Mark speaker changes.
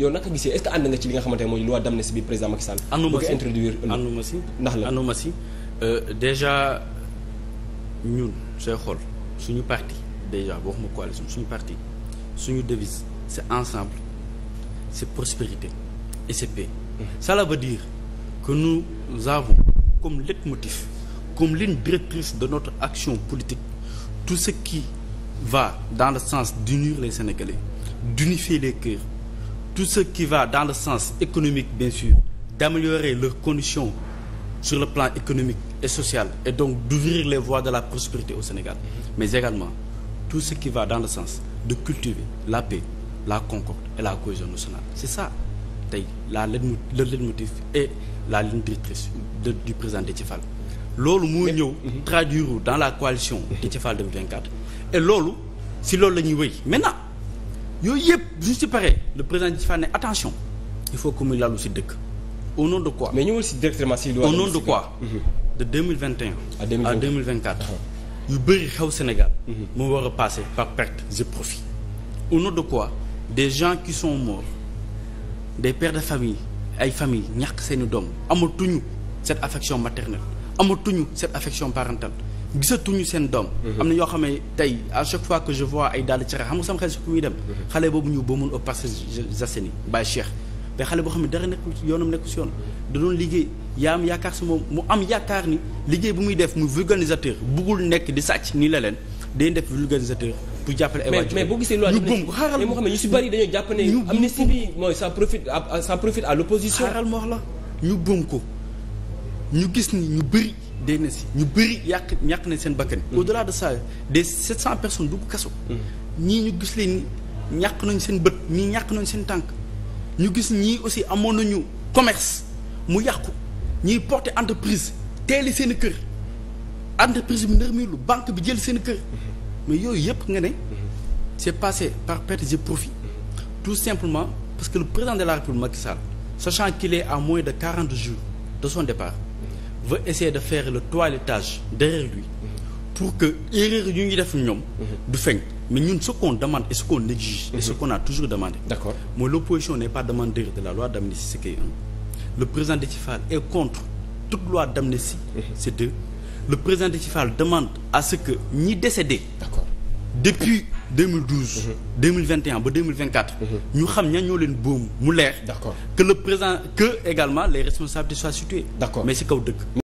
Speaker 1: yow naka gisee est-ce que ànd nga ci li nga xamante ne mooy loi d'amnistie bi président Macky Sall. ànduma si bëgg introduire ànduma si ndax la ànduma si euh, déjà ñun sooy xool suñu parti déjà waxuma coalition suñu parti suñu devise c'est ensemble c'est prospérité et c'est paix. Cela mm-hmm. veut dire que nous avons comme leitmotiv comme ligne directrice de notre action politique tout ce qui va dans le sens d'unir les Sénégalais, d'unifier les cœurs tout ce qui va dans le sens économique bien sûr d'améliorer leurs conditions sur le plan économique et social et donc d'ouvrir les voies de la prospérité au Sénégal mais également tout ce qui va dans le sens de cultiver la paix la concorde et la cohésion nationale c'est ça tey la le leitmotiv et la ligne directrice du président Déthié Fall loolu moo ñëw mhm. traduire dans la coalition Déthié Fall 2024 et loolu si loolu la ñuy wéy maintenant yooyu yëpp duñ si paree le président di fa ne attention il faut que muy lalu si dëkk au nom de quoi. mais ñëwal si directement si au nom de quoi. Mhm. de deux mille vingt et un à deux mille vingt mhm. yu bëri xew Sénégal. moo mhm. war passer par perte et profit. au nom de quoi des gens qui sont morts des pères de famille ay famille ñàkk seeni doom amatuñu cette affection maternelle amatuñu cette affection parentale. gisatuñu seen doom. Mhm. am na yoo xam ne tey à chaque fois que je vois ay daal di cere xam nga sama xel si ku muy dem. Mhm. xale boobu ñu boobu mun au passage Zasseni Baye Cheikh. xam ne dara nekkul yoonam nekkul si yoon da doon liggéey am yaakaar si moom mu am yaakaar ni liggéey bu muy def muy vulgarisateur buggul nekk di sàcc nii la leen day def vulgarisateur. pour jàppale ay waajur mais gisee loi d'amnistie ko xaaral moo xam ne ñu si bëri dañoo jàpp ne amnistie bi mooy ça profite ça profite à l'opposition la ñu boom ko. ñu gis ni ñu bëri dee si ñu bëri yàq ñàkk nañ seen bakkan mm. au delà de ça des sept cent personnes dugg kaso mm. ñii ñu gis leen ñàq nañ seen bët ñii ñàq nañ seen tànk ñu gis nii aussi amoon nañu commerce mu yàqu ñii porter entreprise teele seen kër entreprise bi ndërmilu banque bi jël seen kër mm-hmm. mais yooyu yëpp nga ne mm-hmm. c'est passé par perte de profit mm-hmm. tout simplement parce que le président de la République Macky Sall sachant qu'il est à moins de quarante jours de son veut essayer de faire le toilettage derrière lui pour que erreur yu ñuy def ñoom du feeñ mais ñun ce qu'on demande et ce qu'on exige et ce a toujours demandé d'accord mooy l'opposition n'est pas demandeur de la loi d'amnistie c'est un le président Déthié Fall et contre toute loi d'amnistie c'est deux le président Déthié Fall demande à ce que ñi décédé d'accord depuis 2012. 2021 mhm. ba 2024. Mhm. ñu xam ñan ñoo leen boom mu leer. d'accord que le président que également les responsabilités soient situées. d'accord mais si kaw dëkk.